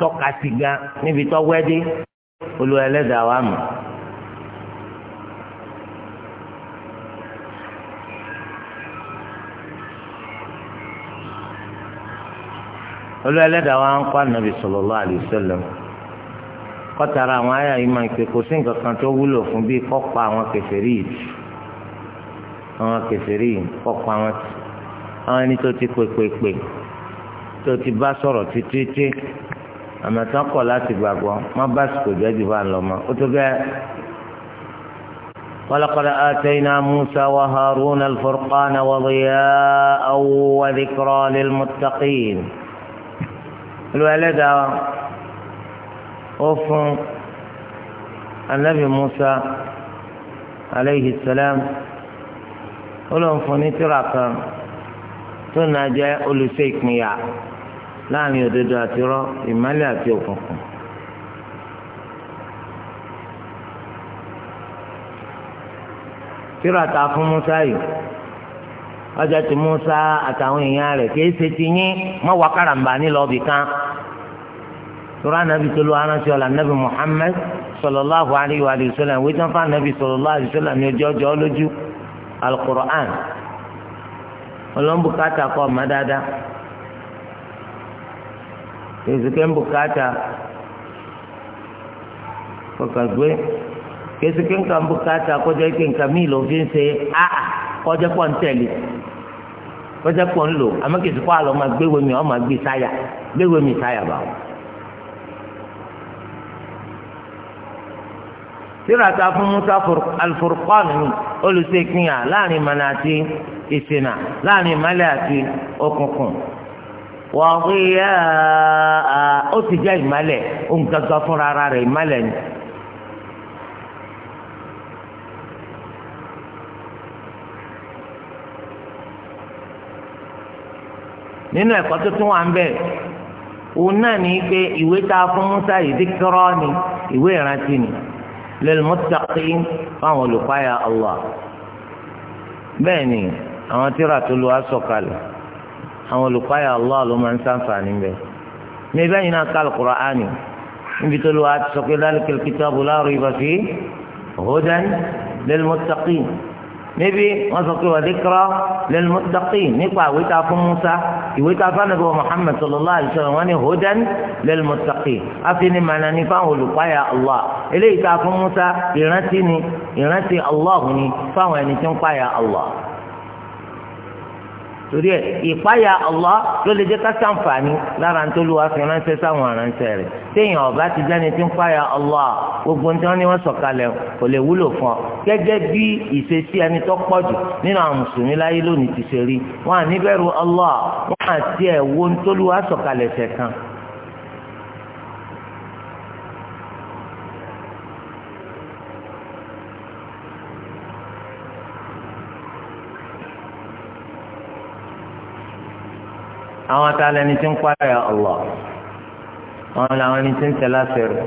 tọ́ka sí gan níbi tọ́wẹ́ dé olúwa ẹlẹ́dàá wa mọ̀. olúwa ẹlẹ́dàá wa ń kọ́ ànábì sallallahu alaihi wasallam kọ́tara àwọn àyà yìí máa ń pè kò sí nǹkan kan tó wúlò fún bí kọ́pa àwọn kèfèrí yìí àwọn kèfèrí yìí kọ́pa àwọn àwọn ẹni tó ti pèpèpè tó ti bá sọ̀rọ̀ títí tí àmọ́ tán kọ̀ láti gbàgbọ́ má bá sùkò jẹ́ jù bá ń lọ mọ́ ó tó gẹ́ ولقد آتينا موسى وهارون الفرقان وضياء وذكرى للمتقين الولد أفن النبي موسى عليه السلام ولهم فني تراكا تنجى أولو سيكنيا يعني láàrin òdodo àti rọ ìmálẹ̀ àti òkùnkùn. tíra ta fún musa yìí ọjà tí musa àtàwọn èèyàn rẹ̀ kìí ṣe ti yín mọ́ wà káràmbà nílọ́ọ̀bì kan tura nabi tolu aransi ọ̀la nabi muhammed sallallahu alayhi wa sallam wíjọ́ fún anabi sallallahu alayhi wa sallam ní ojú ọjọ́ lójú alukur'an olóńbùkátà kọ́ ọ̀ma dáadáa. kèsìkè ń bùkátà kọkàgbé kèsìkè ń kàn bùkátà kọjá ike nǹkan míì ló fi ń ṣe áà kọjá pọ̀ ń tẹ̀lé kọjá pọ̀ ń lò àmọ́ kèsìkò àlọ́ máa gbé wèmí ọ́ máa gbé sáyà gbé wèmí sáyà báwò. síra ta fún musa alfurqan ni olùsèkìyàn láàrin mọ̀nà àti ìsìnà wàhíyá ó ti jẹ́ ìmálẹ̀ ohun gangan fúnra ara rẹ̀ ìmálẹ̀ ni. nínú ẹ̀kọ́ tó tún wà ń bẹ̀ òun náà ní pé ìwé tá a fún Musa yìí dìkírọ́ ni ìwé ìrántí ni lilmuttaqin fáwọn olùpáyà Allah bẹ́ẹ̀ ni àwọn tírà tó lu aṣọ kalẹ̀ àwọn olùkọ́yà Allah ló máa ń sàǹfààní bẹ́ẹ̀. ní bẹ́ẹ̀ yìí náà ká Al-Qur'ani níbi tó lọ́wọ́ àti sọ pé dhalika al-kitabu la rayba fihi hudan lil-muttaqin níbi wọ́n sọ pé wa dhikra lil-muttaqin nípa ìwé ta fún Musa ìwé ta fún anabi Muhammad sallallahu alayhi wa sallam wọ́n ní hudan lil-muttaqin àfihàn màná ní fáwọn olùkọ́yà Allah eléyìí ta fún Musa ìrántí ni ìrántí Allah ni fáwọn ẹni tí ń pààyà Allah torí ẹ ìpáyà Allah ló lè jẹ́ ká sàǹfààní lára ní tólúwa fi ránṣẹ́ sáwọn aránṣẹ́ rẹ̀ téèyàn ọba ti jẹ́ni tí ń páyà Allah gbogbo nítorí ni wọ́n sọ̀kalẹ̀ kò lè wúlò fún ọ gẹ́gẹ́ bí ìṣesí ẹni tó pọ̀ jù nínú àwọn mùsùlùmí láyé lónìí ti ṣe rí wọn à níbẹ̀rù Allah wọn àti ẹ̀wọ́ ní tólúwa sọ̀kalẹ̀ ṣẹ̀kan àwọn tá a lẹni tí ń pààyà Allah àwọn làwọn ẹni tí ń tẹ̀lé àṣẹ rẹ̀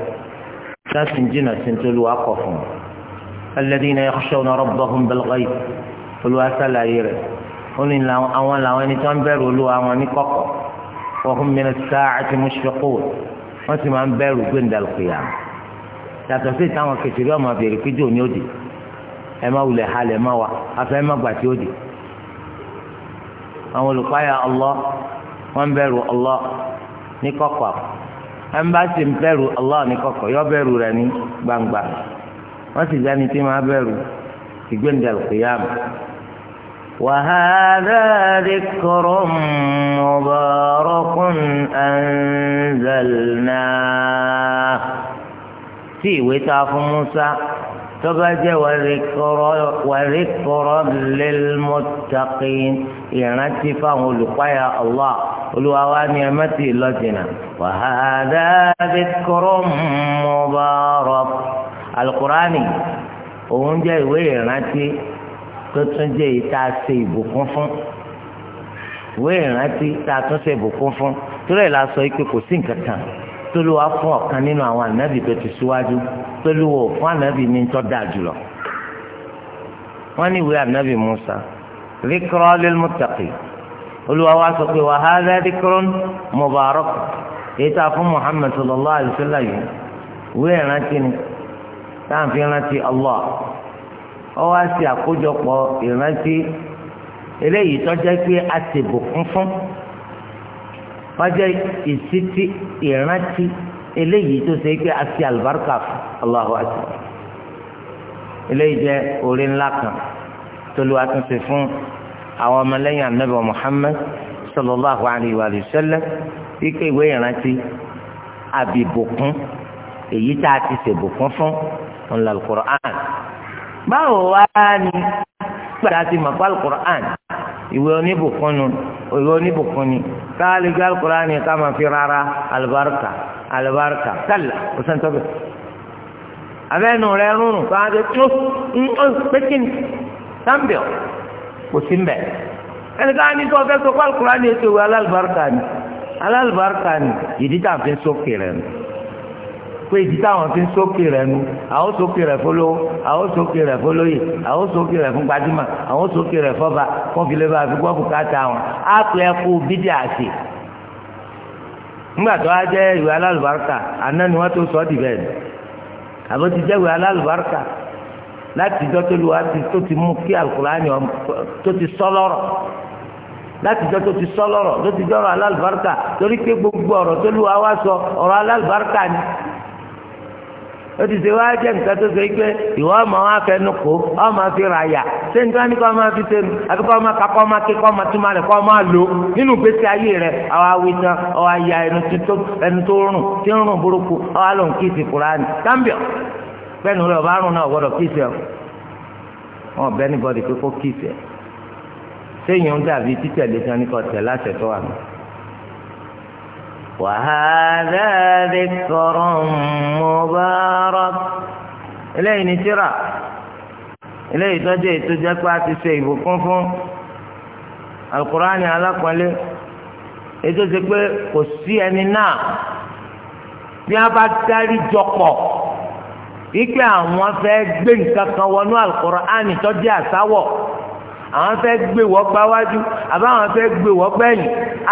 láti ń jìnnà sí nítorí wàá kọ̀ fún un alladhina yakhshawna rabbahum bil-ghayb olúwa sàlàyé rẹ̀ àwọn làwọn ẹni tí wọ́n bẹ̀rù olúwa wọn ní kọ̀kọ̀ wa hum min as-sa'ati mushfiqun wọ́n sì máa ń bẹ̀rù gbẹ̀ndàlùkìyà yàtọ̀ sí ìtàwọn kẹsìrì ọmọ abèrè péjọ ní òdì ẹ má wulẹ̀ halẹ̀ má wa afẹ́ má gbà tí àwọn olùkọ́ yà Allah wọ́n bẹ̀rù ọlọ ní kọ̀kọ̀ ẹnbàṣì ń bẹ̀rù ọlọ ní kọ̀kọ̀ yọ bẹ̀rù rẹ̀ ní gbangba wọ́n sì dání tí máa bẹ̀rù ìgbéǹdàlù kìyàmù. وهذا ذكر مبارك أنزلناه tí ìwé tá a fún Musa tó bá jẹ́ wàríkọrọ lẹ́lmọ́tàkì ìrántí fáwọn olùpáyà Allah olúwa wa ni ẹ má ti lọ jìnnà wa hadha dhikrun mubarak alukurani òun jẹ́ ìwé ìrántí tó tún jẹ́ èyí tá a ṣe ìbùkún fún ìwé ìrántí tá a tún ṣe ìbùkún fún torí ẹ̀ la sọ pé kò sí nǹkan kan tolúwa fún ọ̀kan nínú àwọn ànábì tó ti síwájú tolúwa fún ànábì ní tó dáa jùlọ. wọ́n ní ìwé ànábì Musa rikra lil muttaqi olúwa wa sọ pé wa hadha dhikrun mubarak èyí tá a fún muhammed sallallahu alayhi wa sallam yìí wíwẹ̀ ìrántí ni táà fi rántí allah ọ wá sí àkójọpọ̀ ìrántí eléyìí tọ́jà pé a ti bò fún fún wájẹ́ ìsítí ìrántí eléyìí tó ṣe pé a ti àlùbáríkà fún allahu akbar eléyìí jẹ́ orí ńlá kan tó lu àtúnṣe fún àwọn ọmọlẹ́yìn anabi muhammed sallallahu alayhi wa sallam wípé ìwé ìrántí àbíbùkún èyí tá a ti ṣèbùkún fún ńlá alukur'an báwo wá ní gbàdá ti mọ̀ pa alukur'an ìwé oníbùkún nu ìwé oníbùkún ni káàlì gbé alukur'an yẹn ká máa fi rárá alibarika alibarika kálá kò sẹ́ńtọ́ bẹ́ẹ̀ abẹ́nu rẹ̀ rúnrún káwọn ti tún ń ń pékin sáńbíọ̀ kò sí mbẹ ẹnìkan ní tó sọ kọ́ alukura ni ètò ìwé alálùbáríkà ni alálùbáríkà ni ìdí tá à ń fi sókè rẹ̀ nù pé ìdí táwọn fi ń sókè rẹ̀ nù àwọn sókè rẹ̀ fọlọ́wọ́ àwọn sókè rẹ̀ fọlọ́yè àwọn sókè rẹ̀ fún gbajúmọ̀ àwọn sókè rẹ̀ fọba wọn fi lè bá káta wọn á kú bídí àti ńgbà tó ìwé alálùbáríkà àná ni tó sọ ọ́ ni àbó ti jẹ́ ìwé alálùbáríkà láti ìjọ tó lu wa tó ti mú kí alukurani tó ti sọlọ́rọ̀ láti ìjọ tó ti sọlọ́rọ̀ tó ti jọrọ alálùbáríkà torí pé gbogbo ọ̀rọ̀ tó lu wa wá sọ ọ̀rọ̀ alálùbáríkà ni ó ti ṣe wá jẹ́ nǹkan tó ṣe é pé ìwọ ọmọ wa fẹnu kó ọmọ fi ra yà ṣé nígbà ní kọ́ máa fi tẹnu àti kọ́ máa kakọ́ máa ké kọ́ máa túmọ̀ rẹ̀ kọ́ máa lò nínú gbèsè ayé rẹ̀ àwa awi tán àwa ya ẹnu tó rùn tí ń rùn burúkú àwa lòun kí ìsìnkú rání tábìọ̀. bẹ́ẹ̀ni rẹ̀ ọba náà gbọ́dọ̀ kíìsì ẹ̀ wọn bẹ́ẹ̀ ní bọ́dì pé kó kíìsì ẹ̀ séyìn ń dàbí títẹ̀lé tí wọ́n kọ́ tẹ̀ láṣẹ tó wà mí. وهذا ذكر مبارك eléyìí ni tírà eléyìí tó ètò jẹ́ pé a ti ṣe ìbùkún fún alukurani ètò kò sí ẹni náà bí wípé àwọn fẹ́ gbé nǹkan kan wọnú Al-Qur'ani tó jẹ́ àsáwọ̀ àwọn fẹ́ gbé wọ́ gbáwájú àbáwọn fẹ́ gbé wọ́ gbẹ̀yìn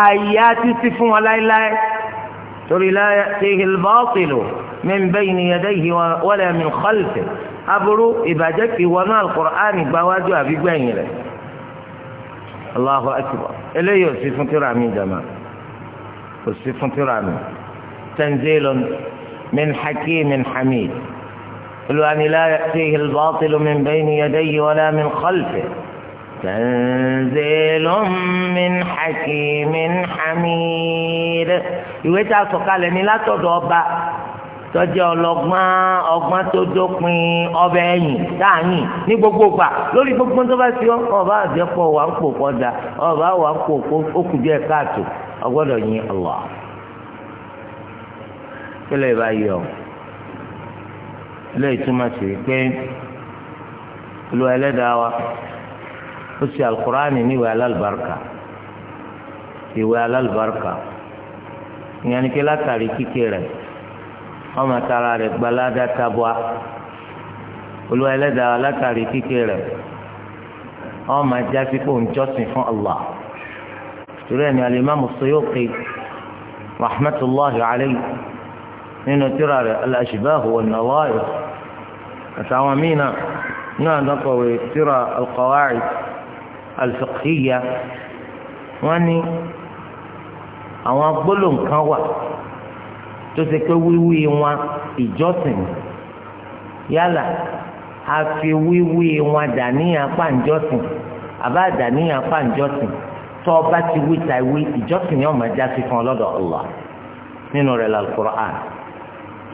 àyè á títí fún wọn láéláé torí láyé tihil bọ́ọ̀kìlù min bayni yadayhi wala min khalfihi aburú ìbàjẹ́ kì wọnú Al-Qur'ani gbáwájú àbí gbẹ̀yìn rẹ̀ Allahu akbar eléyìí ò sí fún tíra mi jama ò sí fún tíra mi tanzilun min hakimin hamid. الوان لا يأتيه الباطل من بين يديه ولا من خلفه تنزيل من حكيم حميد ìwé tá a sọ kalẹ̀ ní látọ̀dọ̀ ọba tọ́jú ọlọ́gbọ́n ọgbọ́n tó dópin ọbẹ̀ ẹ̀yìn dáhìn ní gbogbo gbà lórí gbogbo tó bá ti ọba àjẹpọ̀ wà ń pò kọjá ọba wà ń pò ókú díẹ̀ káàtó ọgbọ́dọ̀ yin Allah kílẹ̀ bá yọ ilé ìtumọ̀ sí pé olú ẹlẹ́dàá wa ó ṣe alukur'ani ní ìwé alálùbáríkà ìwé alálùbáríkà ìyẹn ni kí látàrí kíkẹ́ rẹ̀ ọmọ tara rẹ̀ gbalada tabua olú ẹlẹ́dàá wa látàrí kíkẹ́ rẹ̀ ọmọ jásí kó ń jọ́sìn fún Allah torí ẹni alimami Suyuti rahmatulahi alayhi nínú tírà rẹ̀ al-Ashbah wan àtàwọn míì náà náà lọ́kọ̀wé tírà al-qawaid al-fiqhiyya wọ́n ní àwọn gbólóǹkan wà tó ṣe pé wíwí wọn ìjọsìn yálà a fi wíwí wọn dàníyàn pàǹjọsìn àbá dàníyàn pàǹjọsìn tó ọba ti wí ta ìwé ìjọsìn yóò máa já fún ọlọ́dọ̀ Allah nínú rẹ̀ lálùkùrọ̀ àná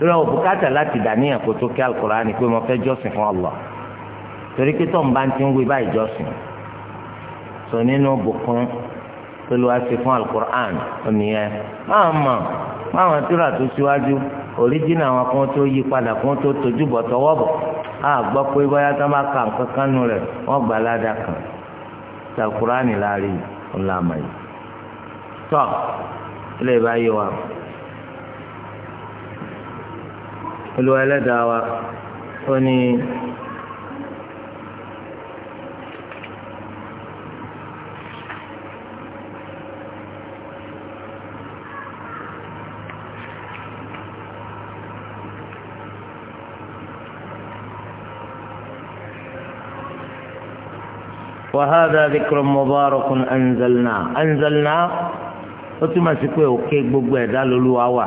torí àwọn bùkátà láti dàníyàn kó tó kí alukurani pé mo fẹ́ jọ́sìn fún Allah torí pé tó ń bá ti ń wí báyìí jọ́sìn sọ nínú bùkún tó lọ́wọ́ ṣe fún alukur'an ònìyẹn máa mọ̀ máwọn tíra tó síwájú òríjìnà àwọn kan tó yí padà kan tó tójú bọ̀ tọwọ́ bọ̀ á gbọ́ pé bóyá tó bá ka nǹkan kan nù rẹ̀ wọ́n gbà ládàá kan tí alukur'an láàrin ńlá mọ̀ yìí tọ́ ilé ìbáyé wa. olúwa ẹlẹ́dàá wa ó ní. وهذا ذكر مبارك أنزلناه أنزلناه ó túmọ̀ sí pé òkè gbogbo ẹ̀dá lolúwa wà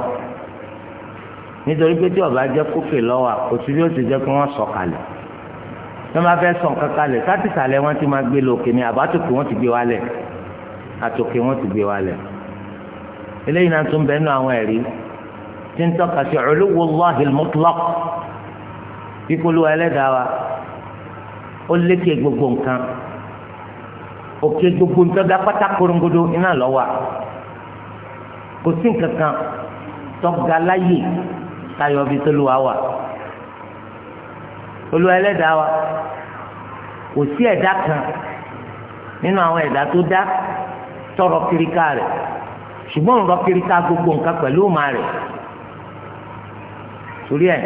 nítorí pé tí ọba jẹ́ kókè lọ́wọ́ òtún ni ó ti jẹ́ pé wọ́n sọ kalẹ̀ tí wọ́n bá fẹ́ sọ nǹkan kalẹ̀ sátìsàlẹ̀ wọ́n ti máa gbé lókè ní àbátòkè wọ́n ti gbé wálẹ̀ àtòkè wọ́n ti gbé wálẹ̀ eléyìí náà tún bẹ́ẹ̀ nù àwọn ẹ̀rí tí ń tọ́ka sí uluwullahi al-mutlaq kíkólú ẹlẹ́dàá wa ó lékè gbogbo nǹkan òkè gbogbo nǹkan pátá korongodo iná lọ́wọ́ kò sí nǹkan kan tọ́ga láyè tayọ bí tolúwa wà olúwa ẹlẹ́dàá wa kò sí ẹ̀dá kan nínú àwọn ẹ̀dá tó dá tọrọ kiriká rẹ̀ ṣùgbọ́n ń rọ kiriká gbogbo nǹkan pẹ̀lú òmà rẹ̀ torí ẹ̀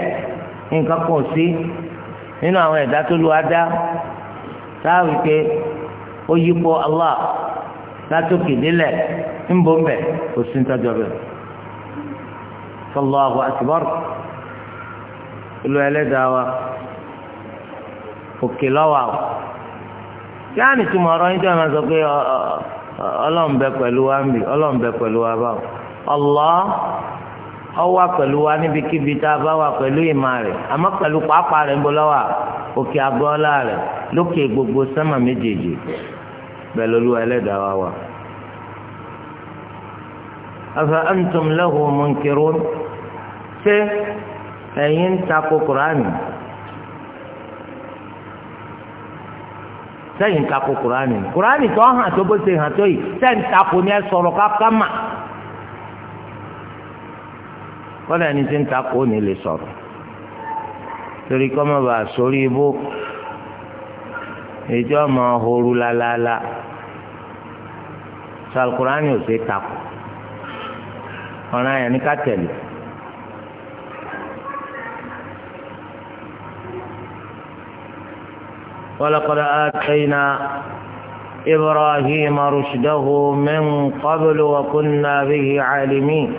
nǹkan kan sí nínú àwọn ẹ̀dá tó lu adá pé ó yípo Allah látòkè délẹ̀ ń bọ́ kò Allahu akbar ìlú ẹlẹ́dàá wa òkè lọ́wọ́ àwọn yáà ní túmọ̀ ọ̀rọ̀ yín tí wọ́n máa sọ pé ọlọ́run bẹ pẹ̀lú wa ń bì ọlọ́run bẹ pẹ̀lú wa báwo Allah ó wà pẹ̀lú wa níbikíbi tá a bá wà pẹ̀lú ìmọ̀ rẹ̀ àmọ́ pẹ̀lú pàápàá rẹ̀ ń bọ́ lọ́wọ́ òkè agbọ́ọ́lá rẹ̀ lókè gbogbo sánmà méjèèjì bẹ́ẹ̀ lọ́lúwa ẹlẹ́dàá wa wà. afa antum ṣé ẹ̀yin ń takò kùránì sẹ́yìn takò kùránì kùránì tó hàn tó bó ṣe hàn tó yìí sẹ́yìn takò ni ẹ sọ̀rọ̀ káká mà kọ́lá ẹni tí ń takò ní lè sọ̀rọ̀ torí kọ́ mọ́ bàa sórí ibú ìjọ ọmọ ooru lálálá sọ alukurani ò ṣe takò ọ̀ràn yẹn ní ká tẹ̀lé. ولقد آتينا إبراهيم رشده من قبل وكنا به عالمين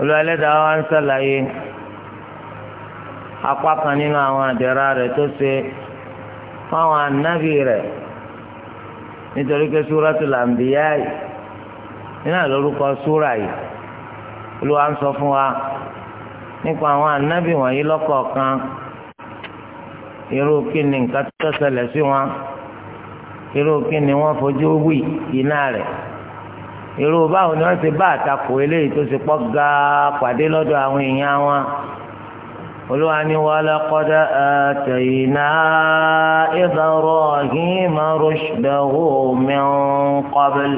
olùwàlẹ́dà wa ń sàlàyé apá kan nínú àwọn àdẹ̀rà rẹ̀ tó ṣe fáwọn ànábì rẹ̀ nítorí pé Suratul Anbiya yìí nínú àlórúkọ súra yìí Olúwa ń sọ fún wa nípa àwọn ànábì wọ̀nyí lọ́kọ̀ọ̀kan irú kí ni nǹkan tó ṣẹlẹ̀ sí wọn irú kí ni wọ́n fojú wì iná rẹ̀ irú báwo ni wọ́n ti bá àtakò eléyìí tó ti pọ̀ gáà pàdé lọ́dọ̀ àwọn èèyàn wọn olúwa ni walaqad atayna Ibrahima rushdahu min qabl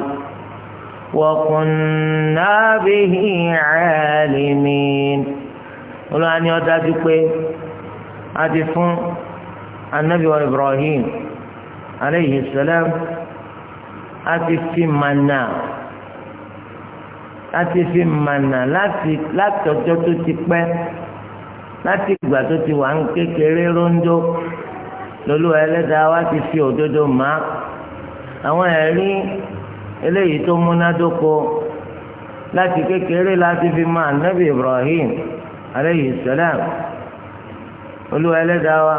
wa kunna bihi alimin olúwa ni ó dájú pé a ti fún anabi wa ibrahim aleyhi salam àti fi mana àti fi mana láti láti ọjọ́ tó ti pẹ́ láti ìgbà tó ti wà ń kékeré rondo lolúwa ẹlẹ́dàá wa ti fi òdodo mọ́ àwọn ẹ̀rí eléyìí tó múnádóko láti kékeré láti fi mọ anabi ibrahim aleyhi salam olúwa ẹlẹ́dàá wa.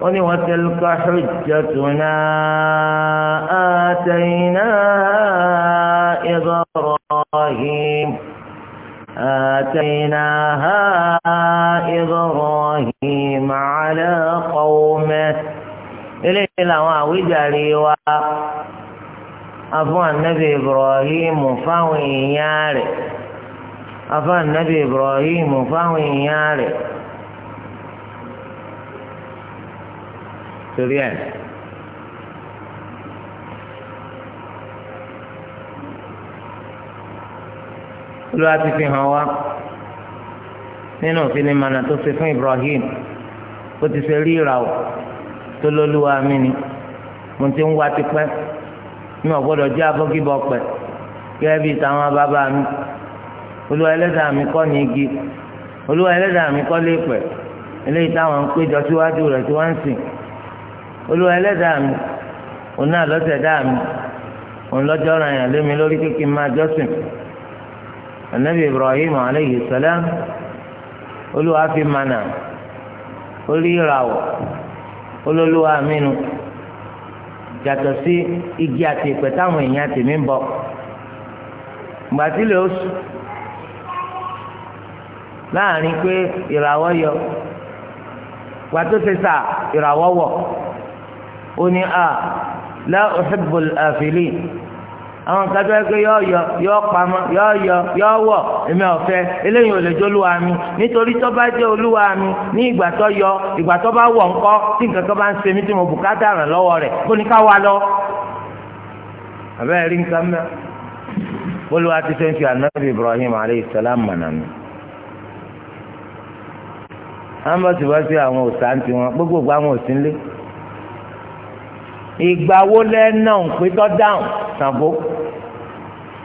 قالوا وتلك حجتنا آتينا إبراهيم آتيناها إبراهيم على قومه إليه لواوي جريوة أفوى النبي إبراهيم فوي ياري أفوى النبي إبراهيم فوي ياري torí ẹ̀ olúwa ti fi hàn wá nínú òfin ní mana tó ṣe fún Ibrahim ó ti ṣe rí ìràwọ̀ tó lólúwa mi ni mo ti ń wá tipẹ́ mi ò gbọ́dọ̀ jẹ́ abọ́gibọ̀ pẹ̀ gẹ́gẹ́ bíi tàwọn bàbá mi olúwa ẹlẹ́dàá mi kọ́ ní igi olúwa ẹlẹ́dàá mi kọ́ lé pẹ̀ eléyìí táwọn ń péjọ síwájú rẹ̀ tí wọ́n ń sìn. olúwa ẹlẹ́dàá mi òun náà lọ́sẹ̀dá mi òun lọ́jọ́ ra yàn lé lórí kíkí máa jọ́sìn anabi ibrahim aleyhi salam olúwa fi mana orí ìràwọ̀ olólùwà mínú yàtọ̀ sí igi àti ìpẹ́ táwọn èèyàn ti ń bọ̀ gbàtílẹ̀ oṣù láàrin pé ìràwọ̀ yọ gbàtó sà ìràwọ̀ ó ní a la uhibbul afilin àwọn kájọ ẹgbẹ́ yọ yọ yọ pamọ́ yọ yọ yọ wọ èmi ọ̀fẹ́ eléyìí ò lè jẹ́ olúwa mi nítorí tó bá jẹ́ olúwa mi ní ìgbà tó yọ ìgbà tó bá wọ̀ ńkọ́ tí nǹkan kan bá ń ṣe mí tí mo bùkátà ràn lọ́wọ́ rẹ̀ kó ní ká wá lọ. àbẹ́rẹ́ rí nǹkan mẹ́ olúwa ti fẹ́ fi ànábì Ibrahim aleyhi salam mọ̀nà mi. àwọn bá ti wá sí àwọn òsà tiwọn gbogbo àwọn òsínlé ìgbà wo lẹ́ẹ̀nà òǹpé tọ́ dáhùn Ṣàngó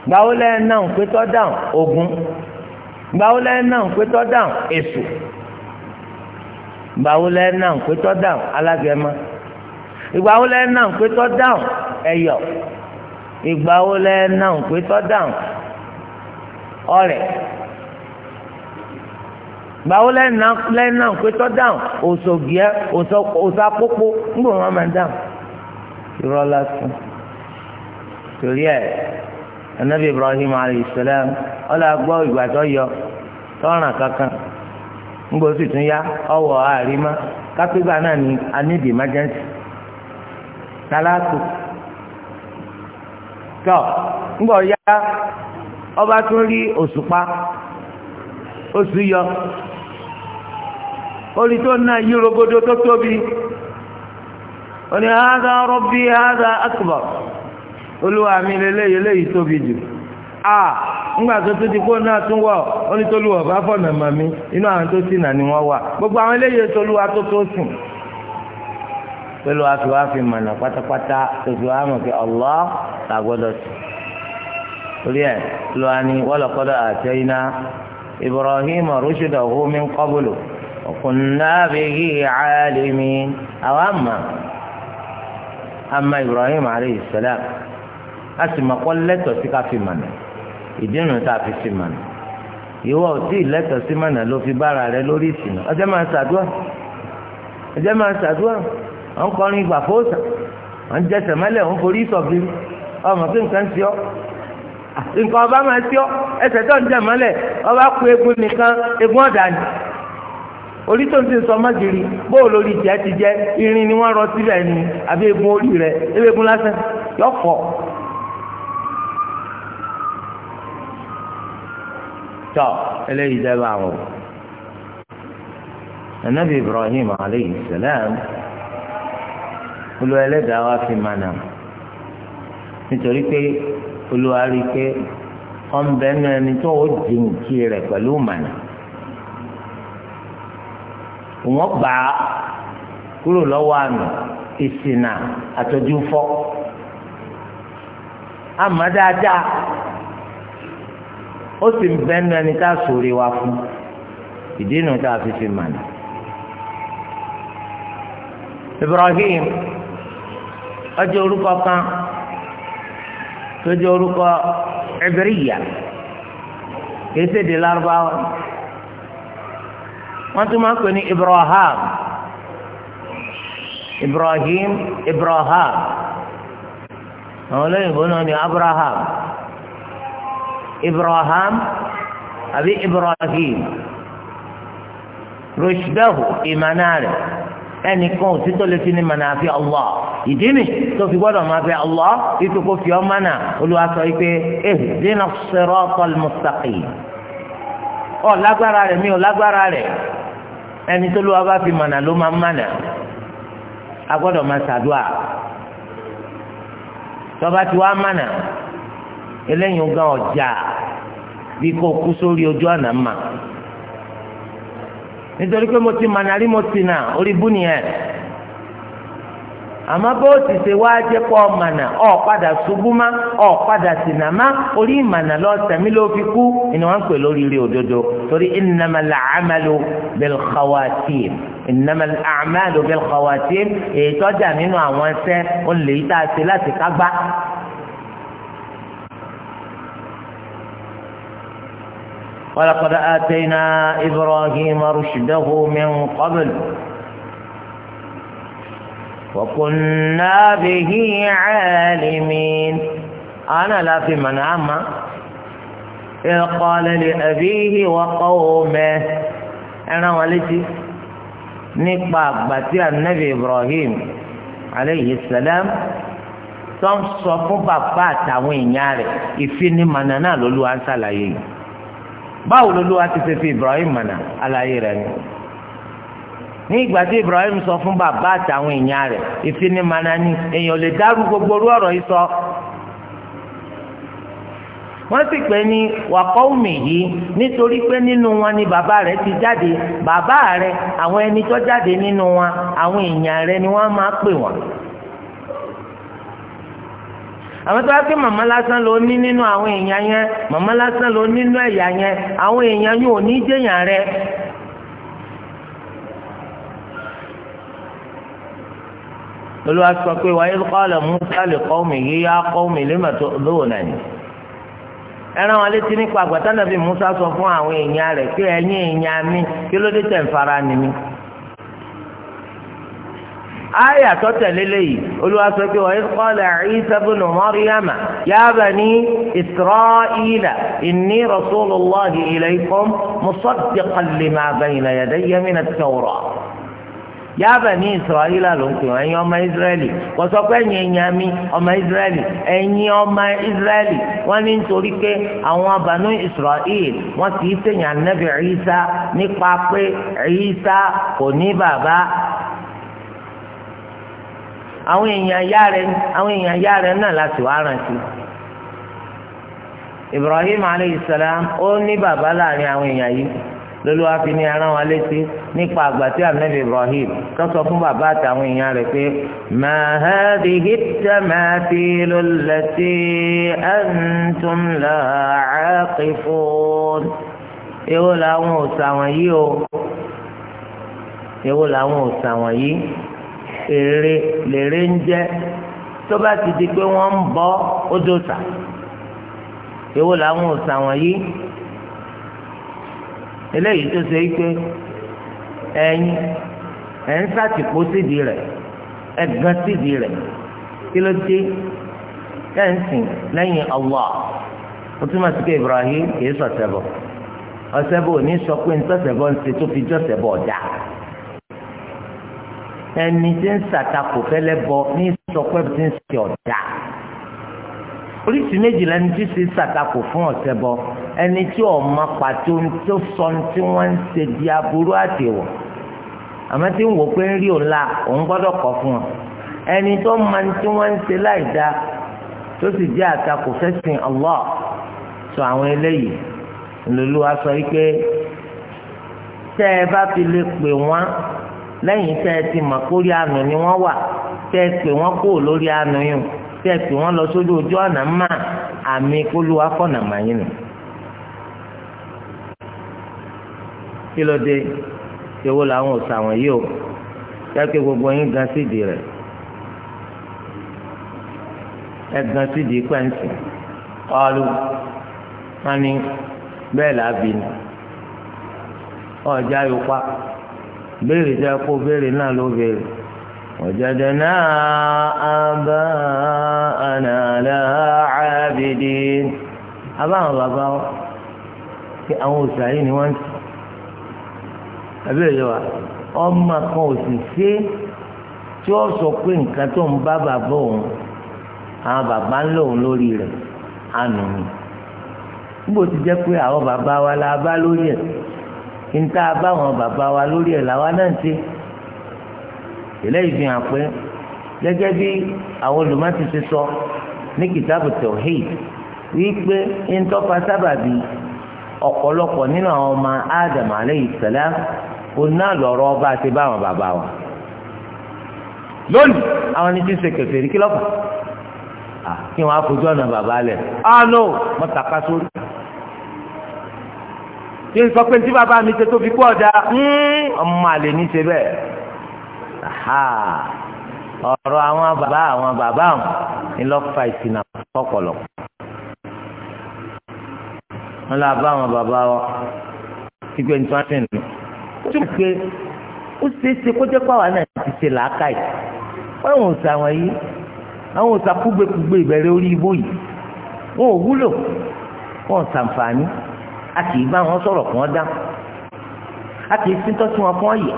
ìgbà wo lẹ́ẹ̀nà òǹpé tọ́ dáhùn Ògún ìgbà wo lẹ́ẹ̀nà òǹpé tọ́ dáhùn Èṣù ìgbà wo lẹ́ẹ̀nà òǹpé tọ́ dáhùn Alágẹmọ ìgbà wo lẹ́ẹ̀nà òǹpé tọ́ dáhùn Ẹ̀yọ̀ ìgbà wo lẹ́ẹ̀nà òǹpé tọ́ dáhùn Ọ̀rẹ̀ gbàwó lẹ́nà lẹ́nà pé tọ́ dáhùn òṣògìẹ́ òṣàpópó ńgbò dáhùn irọ́ lásán torí anabi ibrahim alayhisalaam ọlọ́ ìgbà tó yọ tọ́ràn kankan ńgbọ́ sì tún yá ọwọ́ àrímá kápẹ́gbà náà ni a need emergency tálákù tọ́ ńgbọ́ yá ọba tún rí yọ orí tó yí rogodo tó tóbi. Onye haza hádà rọ́bì hádà akbar olúwa mi lélẹ́yìí lẹ́yìí tóbi jù a ńgbà tó tó ti kó náà tún wọ̀ ó ní tó lùwọ̀ bá fọ̀nà mọ̀ mi inú àwọn tó sì nà wọ́n gbogbo àwọn eléyìí tó tó tó sùn pẹ̀lú fi mọ̀nà fi gbọ́dọ̀ ẹ̀ lọ́wọ́ ni qablu ama ibrahim aleyhi salam a sì mọ̀ kọ́ lẹ́tọ̀ sí ká fi mọ̀nà ìdí nu tá a fi fi mọ̀nà ìwọ ò tí ì lẹ́tọ̀ sí mọ̀nà ló fi bára rẹ lórí ìsìn ọjọ́ máa ṣàdúrà ọjọ́ máa ṣàdúrà wọn kọrin ìgbà fóòsà wọn jẹ sẹmẹlẹ wọn forí sọfin ọmọ kí nǹkan ti ọ nǹkan ọba máa ti ọ ẹsẹ̀ tó ń jẹ mọ́lẹ̀ ọba kú egun nìkan egun ọ̀dà orí tó ń ti sọ mọ́gìrì bóò lórí jẹ́ ti jẹ́ irin ni wọ́n rọ síbẹ̀ ni àbí egun orí rẹ̀ egun lásán yọ fọ́. tọ́ eléyìí jẹ́ bá wọn. anabi ibrahim aleyhi salam olú ẹlẹ́dàá wa fi mànà nítorí pé olúwa rí i pé ọ̀nbẹ́nu ẹni tó o jìnkì rẹ̀ pẹ̀lú mànà wọ́n gbà á kúrò lọ́wọ́ àmì ìsìnà àtọ́jú fọ́ àmọ́ dáadáa ó sì ń bẹ́nu ẹni tá a sòrè wa fún ìdí inú tá a fi fi mànà. Ibrahim ọjọ́ orúkọ kan tó jẹ́ orúkọ Ibriya kìí ṣèdè lárúbáwá wọ́n tún máa ń pè ní Ibrahim Ibrahim Ibrahim àwọn olóyìnbó náà ní Abraham Ibrahim àbí Ibrahim rushdahu imanare ẹnìkan ò títọ́ létí ní mànà àfi Allah ìdí ni tó fi gbọ́dọ̀ máa fi Allah títí kó fi ọmọ náà Olúwa sọ pé ihdina siratal mustaqim ọ lágbára rẹ̀ mi ò lágbára rẹ̀ ẹni tó lówó bá fi mànà ló máa ń mànà a gbọ́dọ̀ máa ṣàdúà tọ́ba ti wá mànà eléyìí ń gan ọjà bí kò kú sórí ojú ọ̀nà mà nítorí pé mo ti mànà rí mo ti nà orí bú nìyẹn àmọ́ bó ti ṣe wá jẹ́ pọ̀ mànà ọ̀ padà ṣubú má ọ̀ padà sìnà má orí ìmànà lọ sẹ̀mí ló fi kú ni wọ́n ń pè lóríire òdodo torí innamal a'malu bil khawatim innamal a'malu bil khawatim èyí tọ́jà nínú àwọn ẹsẹ̀ ó lè tá a ṣe láti kágbá. ولقد آتينا إبراهيم رشده من قبل وكنا به عالمين أنا لا في من أما إذ قال لأبيه وقومه أنا والدي نقبع باتي النبي إبراهيم عليه السلام tó ń sọ fún bàbá àtàwọn èèyàn rẹ̀ ìfinimànà náà lóluwà ń ṣàlàyé yìí báwo lóluwà ti ṣe fi Ibrahim mànà àlàyé rẹ̀ ni. ní ìgbà tí Ibrahim sọ fún bàbá àtàwọn èèyàn rẹ̀ ìfinimanani èèyàn lè dárú gbogbo orú ọrọ yìí sọ wọ́n sì pé ní wàkọ́ùmì yìí nítorí pé nínú wọn ni bàbá rẹ̀ ti jáde bàbá rẹ̀ àwọn ẹni tó jáde nínú wọn àwọn èèyàn rẹ̀ ni wọ́n máa pè wọ́n. àwọn tó wá pé màmá lásán ló ní nínú àwọn èèyàn yẹn màmá lásán ló nínú ẹ̀yà yẹn àwọn èèyàn yóò ní jẹ́yàn rẹ. olúwa sọ pé wa idh qala Musa li qawmihi ya qawmi lima tu'dhunani ẹran wọn létí nípa àgbàtà nàbí Musa sọ fún àwọn èèyàn rẹ̀ pé ẹ̀yin èèyàn mi kí ló dé tẹ̀ ń fara ni mi. àyà lẹ́ آية تتللي قلوا أسكي وإذ قال عيسى بن مريم يا بني إسرائيل إني رسول الله إليكم مصدقا لما بين يدي من التوراة yaba ní israẹla ló ń pè wọn ẹ̀yin ọmọ israẹli kò sọ pé mi ọmọ israẹli ẹ̀yin ọmọ israẹli wọn ní nítorí pé àwọn abànú israẹli wọn kì í sèyàn anabi Isa nípa pé Isa kò ní bàbá àwọn èèyàn ya àwọn èèyàn ya náà láti wá rántí Ibrahim aleyhisselam ó ní bàbá láàrin àwọn èèyàn yìí. lólu wa fi ní ara wọn létí nípa àgbà tí anabi ibrahim tó sọ fún bàbá àtàwọn èèyàn rẹ̀ pé ma hadhihi tamathilu allati antum laha aaqifun èwo làwọn òòṣà wọ̀nyí o èwo làwọn òòṣà wọ̀nyí èrè lèrè ń jẹ́ tó bá ti di pé wọ́n ń bọ ó dòṣà èwo làwọn òòṣà wọ̀nyí eléyìí tó ṣe pé ẹ̀yin ẹ̀ ń sàtìpó sídìí rẹ̀ ẹ̀ gan sídìí rẹ̀ kí ló dé ẹ̀ ń sìn lẹ́yìn Allah ó túmọ̀ sí Ibrahim kì í sọ̀tẹ̀bọ̀ ọ̀sẹ̀bọ̀ ò ní sọ pé ń sọ̀tẹ̀bọ̀ ń ṣe tó fi jọ́sẹ̀bọ̀ ọ̀dà ẹni tí ń sàtakò fẹ́lẹ́ bọ ní sọpẹ́ tí ń ṣe ọ̀dà oríṣi méjìlá ni tí ń sàtakò fún ọ̀sẹ̀bọ̀ ẹni tí ọmọ pàtó tó sọ tí wọ́n ń ṣe di aburú àtẹ̀wọ̀ àmọ́ tí ń wò pé ń rí òun la òun gbọ́dọ̀ kọ̀ fún ọ ẹni tó máa tí wọ́n ń ṣe láì dáa tó sì jẹ́ àtakò fẹ́sìn Allah sọ àwọn eléyìí lòlú wa sọ wípé tẹ́ ẹ bá fi lè pè wọ́n lẹ́yìn tẹ́ ẹ ti mọ̀ kórí àánú ni wọ́n wà tẹ́ ẹ pè wọ́n kó lórí àánú yìí tẹ́ ẹ pè wọ́n lọ sójú ojú ọ̀nà mà àmì kólúwa fọ̀nà màyín nù. kí ló dé ewo làwọn ò sàwọn yìí o kẹ́kẹ́ gbogbo yín gan sídìí rẹ̀ ẹ gan sídìí pẹ́ǹsì ọlù wọn ni bẹ́ẹ̀ làbí ni ọjà yóò béèrè tẹ kó béèrè náà ló béèrè ọ̀jọ̀dẹ̀ náà abá ànàlá àbìdí abáwọn bàbá wọn kí àwọn òṣèré ni wọ́n ti àbí òye wa ọmọ kan ò sì ṣe tí ó sọ pé nǹkan tó ń bá bàbá òun àwọn bàbá ńlá òun lórí rẹ̀ ànú ni níbo ti jẹ́ pé àwọn bàbá wa la bá lórí ẹ̀ níta bá àwọn bàbá wa lórí ẹ̀ làwa náà ṣe eléyìí fi hàn pé gẹ́gẹ́ bí àwọn olùmọ̀ ti ṣe sọ ní kìtàbù tawhid wípé ntọ́pa sábàbí ọ̀pọ̀lọpọ̀ nínú àwọn ọmọ ádámù alayhi salam òun náà lọ̀rọ̀ ọba àti báwọn bàbá wa lónìí àwọn ní tí ń ṣe kèfèrí kí lọ́fà kí wọ́n á fojú ọ̀nà bàbá lẹ̀ áno mọ́tàkà sórí tí ń sọ pé tí bàbá mi ṣe tó fi kú ọ̀dà hmm, ọmọ àlè ní ṣe bẹ́ẹ̀ ọ̀rọ̀ àwọn bàbá àwọn bàbá àwọn ni lọ́fà ìsìnà fọ́pọ̀lọ̀ wọn là bá àwọn bàbá wa kí gbé ní nù túmọ̀ pé ó ṣeé ṣe kó jẹ́ pàwọn náà ti ṣe làákàyè wọ́n ò sà wọ́n yìí àwọn ò sà kúgbèkúgbè ìbẹ̀rẹ̀ orí ibò yìí wọn ò wúlò wọn ò sàǹfààní a kì í bá wọn sọ̀rọ̀ kí wọ́n dá a kì í síntọ́ sí wọn kí wọ́n yẹ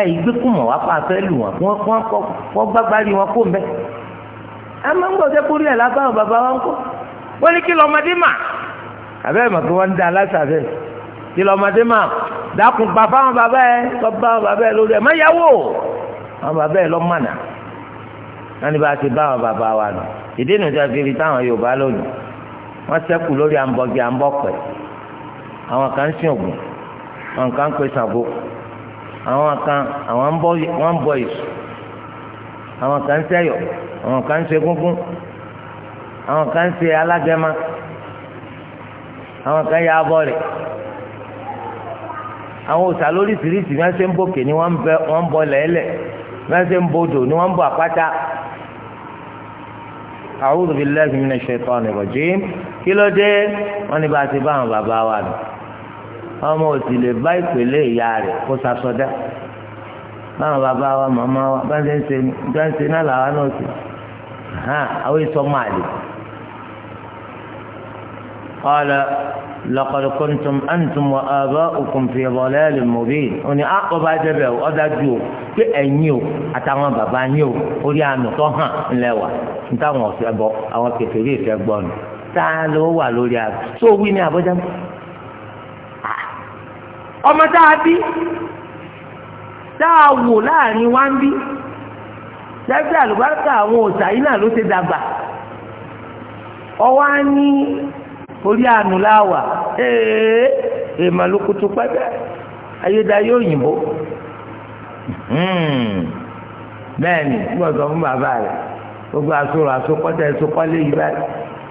ẹ̀yìn gbẹ́kùmọ̀ wá pa afẹ́ lù wọn kí wọ́n kọ́ wọ́n gbágbárí wọn kó mbẹ́ ẹ máa ń gbọ́dọ̀ kórìí ẹ̀ lábáwọn bàbá wọn kọ́ wọ́n ní kí lọ́mọdé mà àbẹ́ mọ̀ kí wọ́n ń da aláṣà bẹ́ẹ̀ kí lọ́mọdé mà dákun gba fáwọn bàbá ẹ lọ bá àwọn bàbá ẹ lórí ẹ má yáwó àwọn bàbá ẹ lọ mànà wọn ni bá a ti bá àwọn bàbá wa nù ìdí nu tẹ fi rí táwọn Yorùbá lónìí wọn ṣẹ́kù lórí àǹbọ̀gì àǹbọ̀pẹ àwọn kan ń sìn ògùn àwọn kan ń pè Ṣàngó àwọn kan àwọn ń bọ wọn ń bọ ìṣù àwọn kan ń àwọn kan ń ṣe gúngún àwọn kan ń ṣe alágẹmọ àwọn kan yà á bọ rẹ àwọn òòṣà lóríṣiríṣi bí wọ́n ṣe ń bòkè ni wọ́n ń bọ lẹ́lẹ̀ bí wọ́n ṣe ń bodò ni wọ́n ń bọ àpáta. A'udhu billahi minash shaitanir rajim kí ló dé wọ́n ní bá a ti bá àwọn bàbá wa nù ọmọ òsì lè bá ìpèlè ìyá rẹ̀ kó sasọdá báwọn bàbá wa màmá wa bá ń ṣe ń ṣe náà làwọn náà ṣe àwọn ìsọmọ àlè. قال لقد كنتم أنتم وآباؤكم في ضلال مبين ó ní àkọ́bá jẹ́bẹ̀ ó dájú o pé ẹ̀yin o àtàwọn bàbá yín o orí àmì tó hàn ńlẹ̀ wà nítawọn ọ̀sẹ̀ bọ àwọn kẹfẹ́rí ìfẹ́ gbọ́ ni tá a ló wà lórí àgbà tó wí ní àbújá ọmọ tá a bí tá a wò láàrin wá ń bí lẹ́gbẹ́ àlùbáríkà àwọn òòṣà yìí náà ló ti dàgbà ọwọ́ á ní orí àánú láwà ee èèmà ló kutu pẹ́pẹ́ ayédáyé òyìnbó hmm. bẹ́ẹ̀ ni wọ́n sọ fún bàbá rẹ̀ gbogbo asòrò asopọ́tẹ̀ ẹ̀sopọ́lé yìí báyìí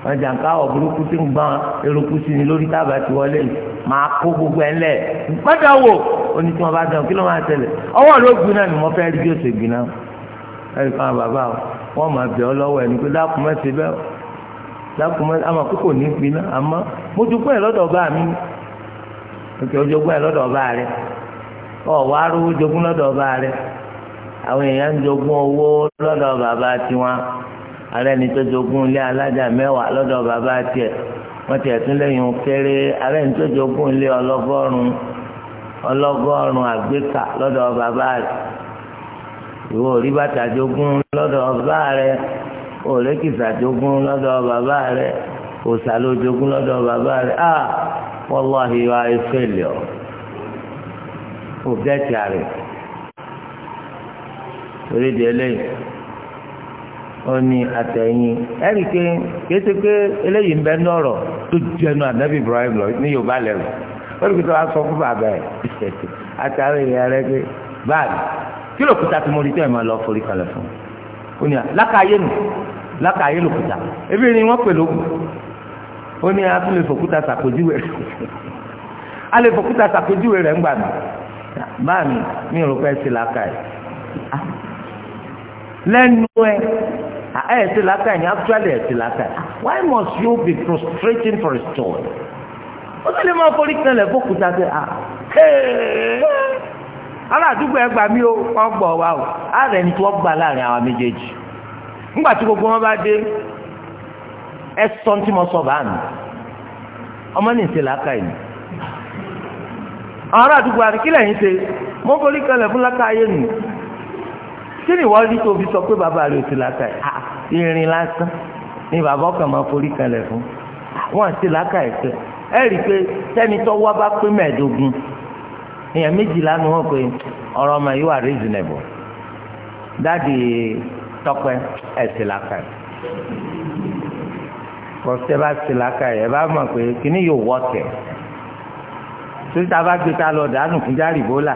wọ́n jà ń káwọ̀ burúkú tí ń gbọ́n eruku sí ni lórí tábà ti wọlé yìí máa kó gbogbo ẹ̀ ńlẹ̀ gbọ́dọ̀ wò oní tí wọ́n bá dán kí ló máa tẹ̀lé ọwọ́ ló gbin náà ni wọ́n fẹ́ rí bí ó ṣe gbin náà ẹ̀rí kan bàbá wọn máa bẹ̀ ọ́ lọ́wọ́ ẹ̀ ní pé dákun mẹ́sẹ̀ bẹ́ẹ̀ lákùnmọ́ àmọ́ kókò ní gbiná àmọ́ mo jogún ẹ̀ lọ́dọ̀ mi òkè ojogún ẹ̀ lọ́dọ̀ ọba rẹ ọ̀wá arúgbó jogún lọ́dọ̀ ọba rẹ àwọn èèyàn ń jogún owó lọ́dọ̀ kéré alẹ́ ní tó jogún ilé ọlọ́gọ́rùn ọlọ́gọ́rùn àgbékà lọ́dọ̀ bàbá rẹ òrékìsà jogún lọ́dọ̀ bàbá rẹ̀ òsà ló jogún lọ́dọ̀ bàbá rẹ̀ à ah, wallahi wa ìfẹ́lẹ̀ ọ̀ òbẹ́tì àrẹ̀ orídìí eléyìí ó ní àtẹ̀yìn ẹ̀rí pé kété pé eléyìí ń bẹ nọ̀rọ̀ tó jẹnu ànábì Ibrahim lọ ní Yorùbá lẹ́nu ó ní kíkọ́ wá sọ fún bàbá ẹ̀ àtàrí ìyá rẹ̀ pé báàgì kí lóòkúta tí mo rí tẹ́ ẹ̀ máa lọ forí kalẹ̀ fún un ó ní àlákàyé nù lákàáyé lòkúta ebi ni wọ́n pè lókun ó ní a tún lè fòkúta ṣàpèjúwe rẹ̀ a lè fòkúta ṣàpèjúwe rẹ̀ ńgbà mi báà mi mi ò rò pé ṣe làákàyè lẹ́nu ẹ ẹ̀ ṣe làákàyè ni actually ẹ̀ ṣe làákàyè why must you be frustrating for a story? ó sì lè máa forí kanlẹ̀ fòkúta ṣe à aládùúgbò ẹ gbà mí ó wọ́n o á rẹ̀ ní tí wọ́n gbà láàrin àwọn méjèèjì ńgbà tí gbogbo wọn bá dé ẹ sọ tí mo sọ báà mi ọmọ ní ìṣẹ̀lẹ̀ aka yìí àwọn ará àdúgbò àti kílẹ̀ yìí ṣe mo borí kalẹ̀ fún laka ayé nù kí ni wọ́n rí tó fi sọ pé bàbá rẹ̀ ò sí laka yìí irin lásán ni bàbá ọkàn máa forí kalẹ̀ fún wọn àti laka yìí ṣe ẹ rí i pé sẹ́ni tó wá bá pé mẹ́ẹ̀ẹ́dógún èèyàn méjìlá ni wọ́n pe ọ̀rọ̀ ọmọ yìí wà reasonable dáàdi tọpẹ ẹsẹ làkà yìí kọsẹ bá ti làkà yìí ẹ bá mọ̀ pé kíní yóò wọ tẹ títa bá gbé ta lọ dànù kúnjà rìbó là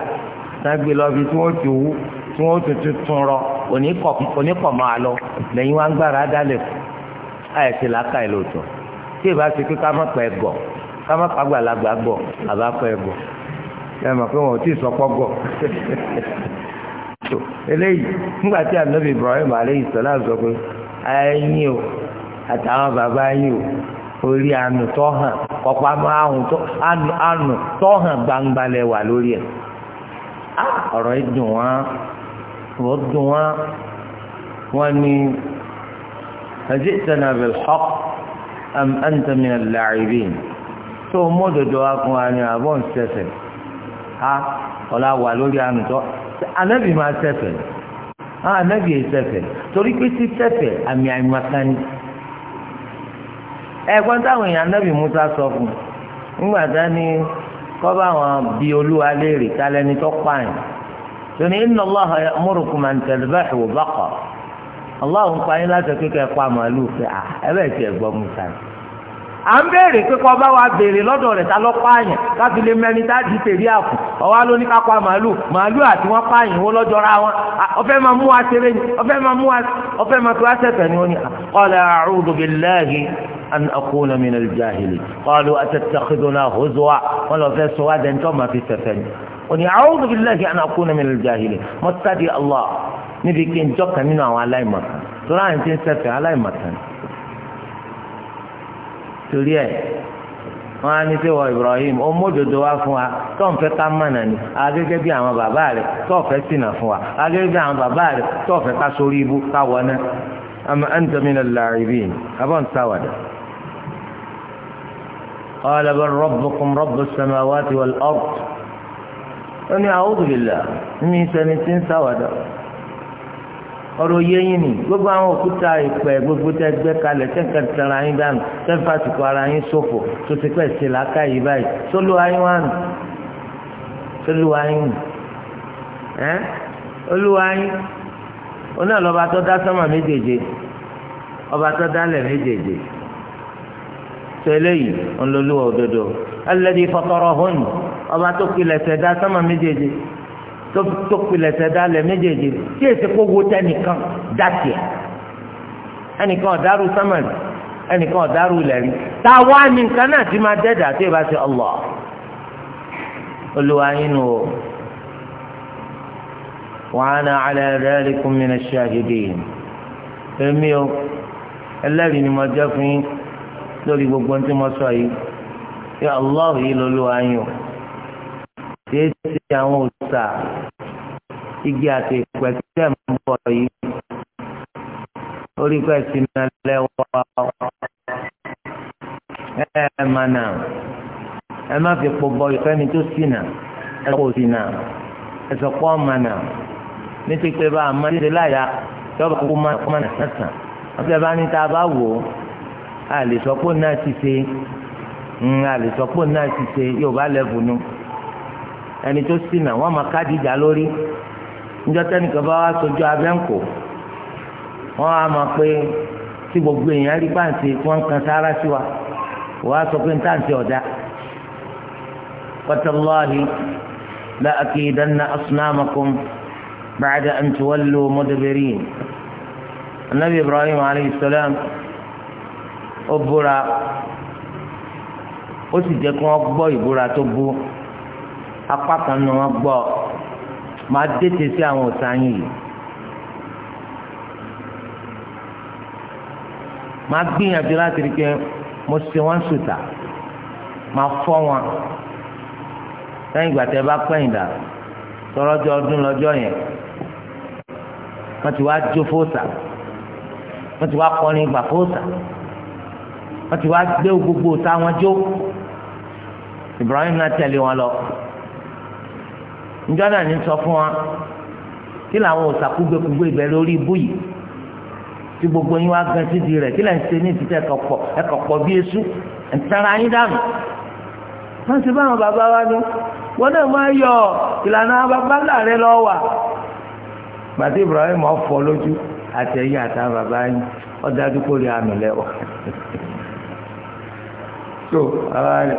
tá gbé lọ bí tí wọn ti wú tí wọn ti tuntun rọ oníkọmọ àlọ lẹ́yìn wọn gbára dálẹ àìsí làkà yìí lòótọ́ tí ìbá ti kí kámọpẹ gọ kámọpẹ àgbàlagbà gọ àbápẹ gọ ẹ mọ̀ pé wọn ò tí ì sọpọ tó eléyìí nígbà tí ànábì Ibrahim aleyhi sọlá sọ pé ayẹyìn o àtàwọn bàbá yìí o orí àánú tó hàn ọ̀pọ̀ àánú tó hàn gbangba lẹ wà lórí ẹ̀ ọ̀rọ̀ yìí dùn wọ́n ọ̀rọ̀ dùn wọ́n wọ́n ní ajitana bil haqq am anta min tó mọ́dọ̀dọ̀ wa fún wa ní àbọ̀ ha ọ̀la wà lórí àánú tó anabi máa ṣẹ̀fẹ̀ àwọn anabi yẹn ṣẹ̀fẹ̀ torí pé sí ṣẹ̀fẹ̀ àmì àìmọ̀kánì ẹ̀gbọ́n táwọn èèyàn anabi musa sọ fún nígbà tá ni kọ́ bá wọn bí olúwa léèrè kálẹ́ni tó pààyàn tòní inna Allaha ya'murukum an tadhbahu baqara Allahu ń pa yín láti kékeré pa màálù fẹ́ à ẹ bẹ́ẹ̀ tiẹ̀ gbọ́ musa ni à ń béèrè pé kọ́ bá wa béèrè lọ́dọ̀ rẹ̀ ta lọ pààyàn káfí lè mẹ́ni tá a di tèrí àpò ọ̀wá ló ní kápá màálù màálù àti wọ́n pààyàn wọ́n lọ́jọ́ ra wọn ọ̀fẹ́ máa mú wa ṣeré ni ọ̀fẹ́ máa mú wa ọ̀fẹ́ máa tó wá ṣẹ̀fẹ̀ ni wọ́n ní qala a'udhu billahi an akuna min al qalu atattakhiduna huzwa wọ́n lọ fẹ́ sọ wá dẹ́ntọ́ máa fi ṣẹ̀fẹ̀ ni a'udhu billahi an akuna min al-jahili Allah níbi kí n jọ́kàn nínú àwọn aláìmọ̀kan tó láàrin tí ń ṣẹ̀fẹ̀ aláìmọ̀kan torí ẹ̀ wọ́n á ní sèwọ Ibrahim ó mójòdò wá fún wa tó ń fẹ́ ká mọ̀nà ni agẹ́gẹ́ bí àwọn bàbá rẹ̀ tó fẹ́ ṣìnà fún wa agẹ́gẹ́ bí àwọn bàbá rẹ̀ tó fẹ́ ká sórí ibú ká wọná àmọ́ anta min abọ́n sáwàdà. قال بل ربكم رب السماوات والأرض أني أعوذ بالله من سنة سوداء ọ̀rọ̀ yẹyin ni gbogbo àwọn òkúta ìpẹ́ gbogbo tẹ gbẹ́ kalẹ̀ tẹ́ǹkà tẹ̀ra yín dànù tẹ́ǹfà tìkọ ara yín ṣòfò tó ti pẹ́ sí làákà yìí báyìí sólù ayín wà nù sólù ayín nù ẹ́ olúwa yín oná lọ́ba tó dá sánmà méjèèje ọba tó dá lẹ̀ méjèèje tó eléyìí ńlọlúwa òdodo alladhi fatarahun ọba tó pilẹ̀ tẹ̀ dá sánmà méjèèje tó pilẹ̀sẹ̀ dálẹ̀ méjèèjì tí èsì kó wo tẹnìkan dàtì ẹ̀ ẹnìkan ọ̀dàrú sámàlì ẹnìkan ọ̀dàrú lẹ́rí tá a wá ní nǹkan náà ti máa dẹ́dà tí ìbá ṣe Allah olùwà yín o wa ana ala dhalikum mina shahidin èmi o ẹlẹ́rìí ni mo jẹ́ fún yín lórí gbogbo tí mo sọ yìí ya Allah yìí lọ́lọ́wà yín o kìí ṣe àwọn òòṣà igi àti ìpẹ́ tí tẹ̀ ń bọ̀ yìí orí pẹ́ sí ní alẹ́ wá ẹ ẹ máa nà ẹ má fi pọ̀ bọ ìfẹ́ni tó sì nà ẹ kò sì nà ẹ sọ pé ọmọ nà ní ti pé bá a máa ṣe láyà yọba kó máa kó máa nà sàn wọ́n fẹ́ bá ní tá a bá wò ó a lè sọ pé náà ti ṣe hmm, a lè sọ pé náà ti ṣe yóò bá lẹ́bùnú ẹni tó sì nà wọ́n máa ká dìjà lórí níjọ́ tẹ́nìkan bá wá sojú abẹ́ǹkò wọ́n á mọ̀ pé tí gbogbo èèyàn rí pàǹtí tí wọ́n ń kan sára sí wa wọ́n á sọ pé ntáǹtí ọ̀dà watallahi la akidanna asnamakum ba'da an tuwallu anabi ibrahim alayhi salam ó búra ó sì jẹ́ kí wọ́n gbọ́ ìbúra tó bú apá kan ni wọ́n gbọ́ máa dẹ́tẹ̀ sí àwọn ọ̀tá yín yìí. máa gbìyànjú láti rí pé mo ṣe wọ́n sùtà máa fọ́ wọn lẹ́yìn ìgbà tẹ́ bá pẹ́yìn dà tọrọjọ ọdún lọ́jọ́ yẹn wọ́n ti wá jó fóòsà wọ́n ti wá kọrin ìgbà fóòsà wọ́n ti wá gbé gbogbo táwọn jó Ibrahim náà tẹ̀lé wọn lọ njọ́ náà ní sọ fún wa kí làwọn òsàkúgbèkúgbè ibẹ̀ lórí ibú yìí tí gbogbo yín wá gan títì rẹ̀ kí lẹ́yìn ṣe ní ìtìtẹ́ ẹ̀kọ̀ pọ̀ bí eṣú ẹ̀ntara yín dànù wọ́n ti bá àwọn bàbá wa ní wọ́n náà máa yọ ìlànà bàbá láàrẹ lọ́wọ́ bàtí Ibrahim ọ̀fọ̀ lójú àti ẹ̀yìn àtàwọn bàbá yín ọ̀dájú kò rí àmì lẹ́wọ̀ so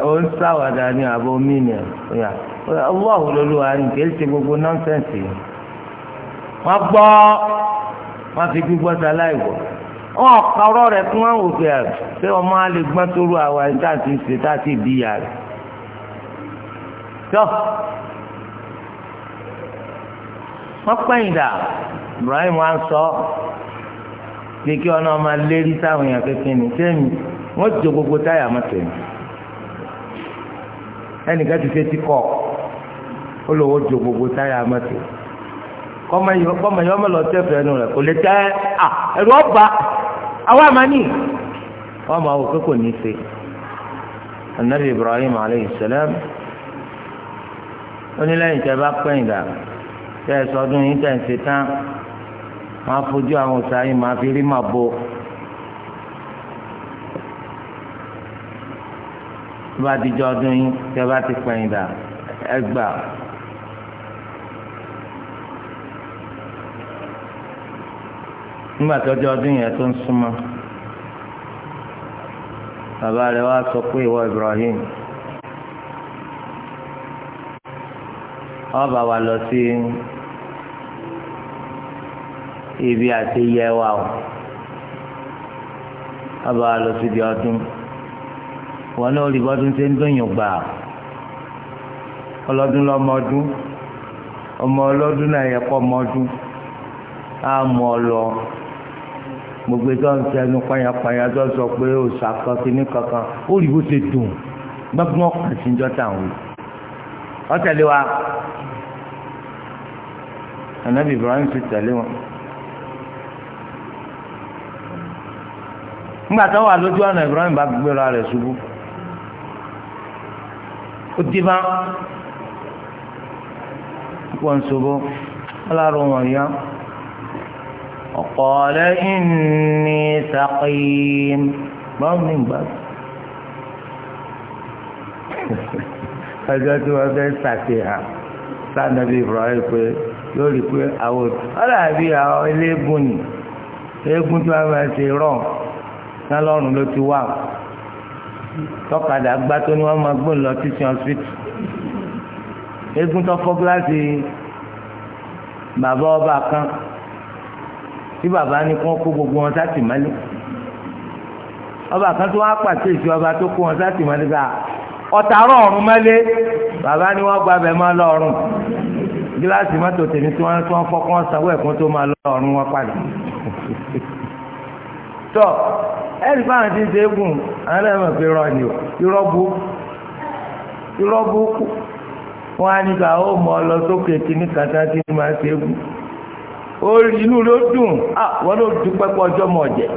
òun sáwàdà ní àbọ̀ mílíọ̀nù Allah lolúwa ni kì í ṣe gbogbo nọ́ńsẹ̀nsì wọ́n gbọ́ wọ́n fi gbígbọ́ sáláì wọ̀ wọ́n ọ̀ka ọ̀rọ̀ rẹ̀ fún wọn òkè ẹ̀ pé ah, ọmọ alẹ́ gbọ́n tó rú àwa ẹ̀ tá àti ṣe tá àti bí ìyá rẹ̀ tọ́ wọ́n pẹ́yìn dà Ibrahim wa ń sọ pé kí ọ̀nà ọmọ lérí sáwọn èèyàn kékeré ní sẹ́mi wọ́n jọ gbogbo táyà mọ́tò ẹnìkan ti ṣe ti kọ́ ọ ó lówó jo gbogbo táyà mọ́tò kọ́mọ yìí ọmọ lọ tẹ́ fẹ́ẹ́ nù rẹ̀ kò lè tẹ́ à ẹ̀rù ọba àwa àmàní wọ́n máa wò pé kò ní í ṣe anabi ibrahim aleyhi salam ó ní bá pẹ́yìn dà tẹ́ ẹ sọdún yín tẹ̀ ń ṣe tán máa fojú àwọn ọ̀sà máa fi rí màá bo. tó bá dijọ́ ọdún yín tẹ́ bá ti pẹ́yìn dà ẹ gbà. nígbà tó jẹ́ ọdún yẹn tó ń súnmọ́ bàbá rẹ̀ wá sọ pé ìwọ Ibrahim ọba wa lọ sí ibi àti yẹ wa o ọba wa lọ sí ibi ọdún wọn náà rí bọ́dún ṣe ń dọ̀yìn gbà ọlọ́dún lọ́mọdún ọmọ ọlọ́dún náà yẹ kọ́ gbogbo ẹjọ́ ń sẹ́nu payapaya tó sọ pé òòṣà kan kìíní kankan ó rí bó ṣe dùn gbọ́gbọ́n kan sí ìjọ táwọn wò ọ tẹ̀lé wa anabi ibrahim ti tẹ̀lé wọn. nígbà tó wà lójú ọ̀nà ibrahim bá gbéra rẹ̀ ṣubú ó dìbà púpọ̀ ń ṣubú ó lára wọn yá. وقال إني سقيم مرمين بس ẹjọ́ tí wọ́n fẹ́ ṣàfihàn sanabi ibrahim pé lórí pé àwọn ọlọ́àbí àwọn eléégún ni eégún tí wọ́n máa ṣe rọ̀ sálọ́run ló ti wà tọ́kadà gbá tó ní wọ́n máa gbóòn lọ títí ọ̀sìtì eégún tó fọ́ gíláàsì bàbá ọba kan tí bàbá ní kó kó gbogbo wọn sátìmọ́lé ọba kan tó wá pàṣẹ ìṣú ọba tó kó wọn sátìmọ́lé gbà ọ̀tàrọ̀ ọ̀run mọ́lé bàbá ni wọ́n gba abẹ máa lọ ọ̀run gíláàsì mọ́tò tèmi tí wọ́n tún fọ́ kí wọ́n sanwó ẹ̀kún tó máa lọ ọ̀run wọn padà tọ́ ẹ̀rí fáwọn ti ń ṣe é gùn àwọn ẹlẹ́yìn pé irọ́ ni o irọ́ bú irọ́ bú wọn á nígbà ó mọ ọ lọ sókè kíní kàtà tí máa ṣe é gùn ó rí inú ló dùn wọ́n ló dúpẹ́ pọ̀ ọjọ́ mọ̀ jẹ́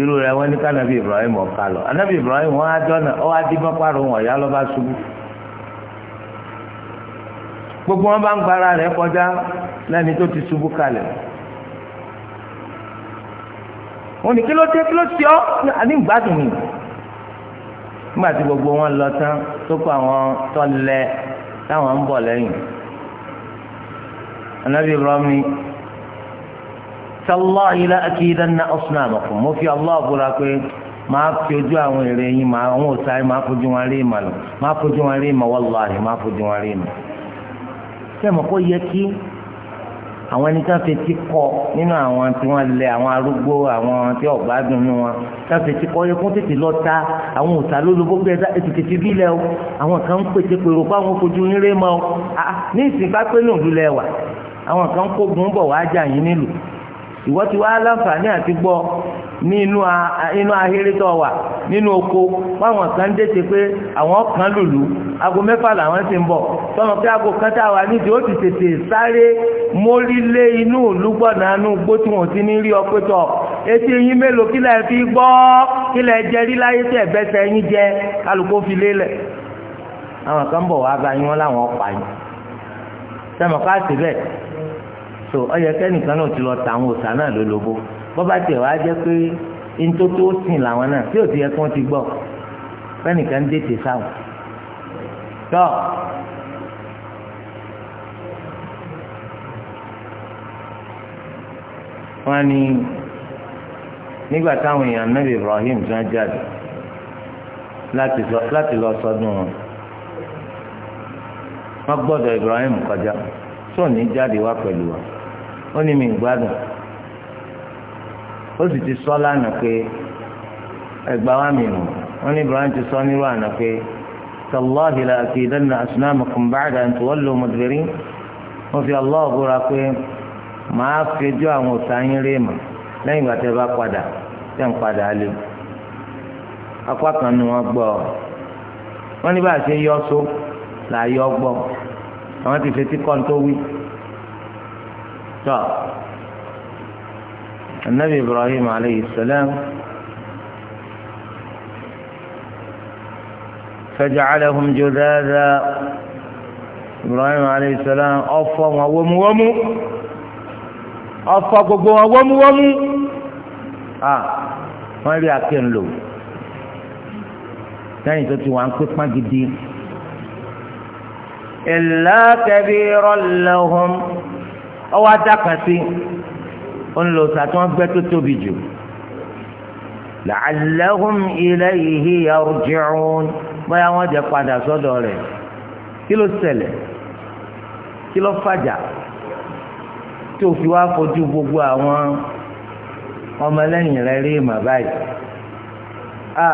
irú rẹ̀ wọ́n ní kánábì Ibrahim ọ̀ka lọ anábì Ibrahim wọ́n á dọ́nà ọ́ á dín mọ́párọ̀ wọn ọ̀yá lọ́ba ṣubú gbogbo wọn bá ń gbára rẹ̀ kọjá lẹ́ni tó ti ṣubú kalẹ̀ wọ́n ní kí ló dé kí ló ti ọ́ ní ìgbádùn mi nígbà tí gbogbo wọn lọ tán tó kọ àwọn tọ́lẹ̀ táwọn ń bọ̀ lẹ́yìn. النبي rọmi sàlláhi la akidanna asnamakum mo fi allah búra pé máa fi ojú ما èrè yín ما àwọn òsàáyé máa ما wọn rí ìmọ̀ lọ máa fojú wọn rí ìmọ̀ wàláhì máa fojú wọn rí ìmọ̀. sẹ́mi kò yẹ kí àwọn ẹni tí wọ́n fetí kọ nínú àwọn tí wọ́n lẹ àwọn arúgbó àwọn tí ọ̀gbá dunu wọn tí wọ́n fetí kọ yẹ kó tètè lọ ta àwọn òsà lólobó gbé ètò tètè bí lẹ o àwọn kan ń pètè pèrò fáwọn fojú rí ìmọ̀ o ní ìsìn bá pé lòdù lẹ wà àwọn kan kó gun bọ̀ wá jà yín nílùú ìwọ ti wá láǹfààní àti gbọ́ ní inú inú ahéré tó wà nínú oko báwọn kan dẹ́tẹ̀ pé àwọn kan lùlù aago mẹ́fà làwọn ti ń bọ̀ tọ́nà pé aago kan tá a wà nídìí ó ti tètè sáré mórílé inú olúgbọ̀nà inú gbó tí wọ́n ti ní rí ọpẹ́ tọ̀ etí eyín mélòó kílẹ̀ fi gbọ́ kílẹ̀ jẹ rí láyé tẹ̀ bẹ́sẹ̀ eyín jẹ kálukó fi lélẹ̀ àwọn kan bọ̀ wá bá yín wọn láwọn ọ̀pá yín sẹ́mọ̀ká sí bẹ́ẹ̀ so ọyẹ kẹ́nìkan náà ti lọ ta àwọn òòsà náà lólobó bọ́bá tiẹ̀ wá jẹ́ pé ntótó sìn làwọn náà tí ò ti yẹ kí wọ́n ti gbọ́ kẹ́nìkan dètè sáwọn tọ́ wọ́n ní nígbà táwọn èèyàn náà Ibrahim tí wọ́n jáde láti lọ sọdún wọn wọ́n gbọ́dọ̀ Ibrahim kọjá tó ní jáde wá pẹ̀lú wa. ó ní mi gbádùn ó sì ti sọ lánàá pé ẹgbà wa mi rùn ó ní Ibrahim ti sọ nírú àná pé tàlọ́ọ̀hì la àti ìdáná àsùnámù kan bá àdá tó wọ́n lò mọ̀tìrì wọ́n fi ọlọ́ọ̀ búra pé màá fẹjọ́ àwọn òòtà yín réèmọ̀ ìgbà tẹ́ bá padà tẹ́ ń padà lé apá kan ni wọ́n a ṣe yọ ti fetí طب النبي إبراهيم عليه السلام فجعلهم جذاذا إبراهيم عليه السلام أفا وومو ومو أفا قبوا وومو ومو آه ما rí أكين لو تاني تتوى عن wà ń إلا كبيرا لهم ọwọ́ adaka sí ńlọsà tí wọ́n gbẹ́ tó tóbi jù la'allahum ilayhi yarji'un báyà wọ́n jẹ́ padà sọ́dọ̀ rẹ̀ kí ló ṣẹlẹ̀ kí ló fàjà tí o fi wá fojú gbogbo àwọn ọmọlẹ́yìn rẹ̀ rí mà báyìí a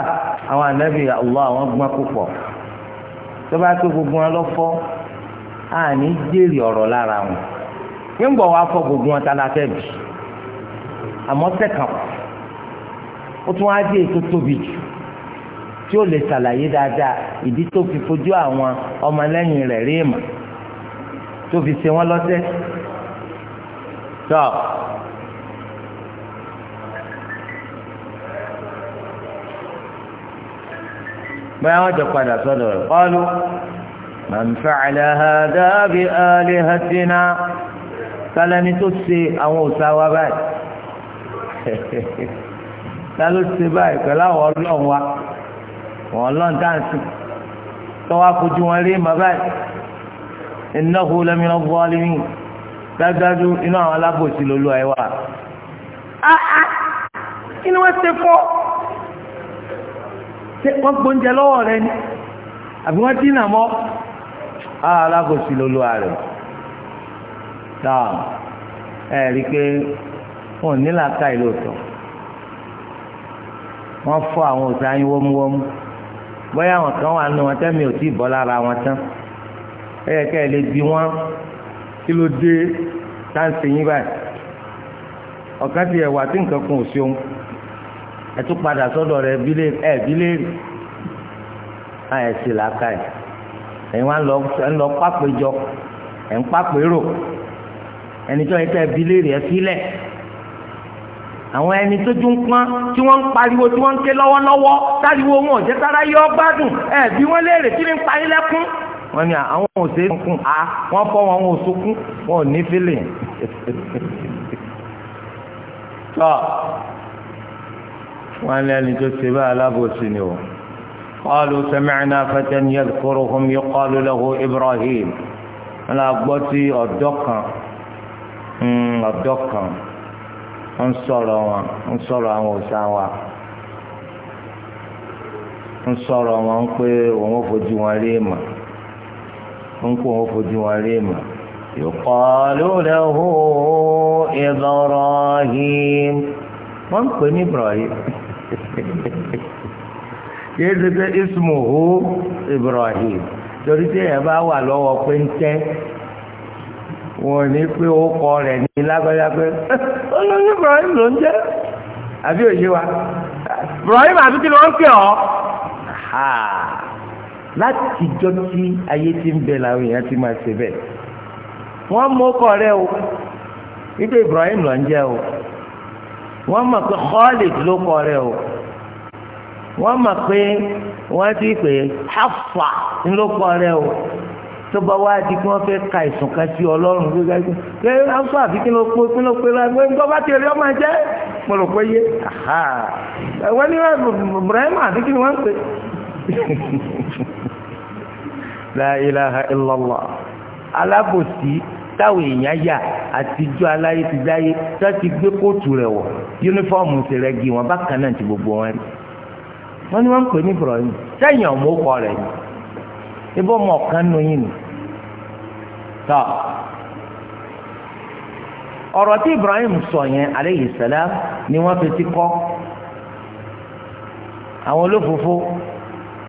àwọn ànábì Allah àwọn gbọ́n púpọ̀ tó bá tó gbogbo wọn lọ́fọ́ àní jèrè ọ̀rọ̀ lára wọn ń bọ̀ wá fọ gbogbo wọn tala fẹ́ bì àmọ́ sẹ́kàn ó tún wá dé ètò tóbi jù tí ó lè ṣàlàyé dáadáa ìdí tó fi fojú àwọn ọmọlẹ́yìn rẹ̀ rí ìmọ̀ tó fi ṣe wọ́n lọ́sẹ̀ tọ́. bóyá wọ́n jọ padà sọ́dọ̀ rẹ̀ kọ́lu man fa'ala tálẹ́ni tó ṣe àwọn òòṣà wa báyìí ta ló ṣe báyìí pẹ̀lú àwọn ọlọ́run wa àwọn ọlọ́run tá à ń sìn tọ́wọ́ afojú wọn rí màá báyìí innahu lamina zalimin dájúdájú inú àwọn alábòsí lolú ẹ wà. Ah, ah. kí ni wọ́n ṣe fọ́ ṣé wọ́n gbóúnjẹ lọ́wọ́ rẹ ni àbí wọ́n dínà mọ́ alábòsí lolú rẹ̀ náà ẹ rí i pé wọn ò nílà ká ìlú ọ̀tọ̀ wọ́n fọ́ àwọn òsè ayé wọ́múwọ́mú bóyá àwọn kan wà nù wọn tẹ́mi ò tí ì bọ́ lára wọn tán ẹ yẹ ká ẹ lè bi wọn kí ló dé táǹsì yín báyìí ọ̀kan ti ẹ̀wà tí nǹkan kan ò ṣeun ẹ tún padà sọ́dọ̀ rẹ̀ ẹ̀ bíléèrè àyẹ̀sì làákà ẹ̀ ẹ̀yin wá lọ pápẹ́jọ ẹ̀ ń pápẹ́rò ẹni tó yẹ kẹ́ bilé rẹ̀ sílẹ̀ àwọn ẹni tó tún pọ́n tí wọ́n ń pariwo tí wọ́n ń ké lọ́wọ́lọ́wọ́ táriwo wọn ò jẹ́ sára yọ gbádùn ẹ bí wọ́n léèrè tí ń parí lẹ́kún wọ́n ní àwọn ò sí kún a wọ́n fọ́ wọn ò sunkún wọn ò ní fílẹ̀ tọ́ wọ́n ní ẹni tó ṣe bá alábòsí ni o. قالوا سمعنا فتى يذكرهم يقال له إبراهيم أنا أقبتي أدقا Hmm, ọ̀dọ́ kan ń sọ̀rọ̀ wọn ń sọ̀rọ̀ àwọn òòṣà wa ń sọ̀rọ̀ wọn ń pé òun ò fojú wọn rí èèmọ̀ ń pé òun ò fojú wọn rí èèmọ̀. يقال له إبراهيم wọ́n ń pè ní Ibrahim yéé ṣe pé ismuhu Ibrahim torí tí ẹ̀ bá wà lọ́wọ́ péńtẹ́ wọn ní pé ó kọ rẹ̀ ní lágbájá pé olórí Ibrahim ló ń jẹ́ àbí òye wa Ibrahim àbí kí ni wọ́n ń pè ọ́ látijọ́ tí ayé ti ń bẹ làwọn èèyàn ti máa ṣe bẹ́ẹ̀ wọ́n mú ọkọ rẹ̀ o wípé Ibrahim ló ń jẹ́ o wọ́n mọ̀ pé Khalid ló kọ rẹ̀ o wọ́n mọ̀ pé wọ́n ti pè Hafsa ló kọ rẹ̀ o tó bá wá di kí wọ́n fẹ́ ka ìsùn kan sí ọlọ́run gbégbá gbé pé afọ àfi kí ló pé kí ló pé láti wọ́n gbọ́ bá ti rí ọmọ jẹ́ mo rò pé yé wọ́n ní Ibrahim àti kí ni pè. La ilaha alábòsí táwọn èèyàn yà àtijọ́ aláyé ti dáyé tó ti gbé kóòtù rẹ̀ wọ̀ yúnífọ́ọ̀mù ti rẹ̀ gé wọn bákan náà ti gbogbo wọn rí wọ́n ní wọ́n ń pè ní Ibrahim sẹ́yìn ọ̀mọ́kọ rẹ̀ ni ibò mọ̀ nù yín ni tọ́ ọ̀rọ̀ tí Ibrahim sọ yẹn aleyhi salam ni wọ́n fi ti kọ́ àwọn olófòfó.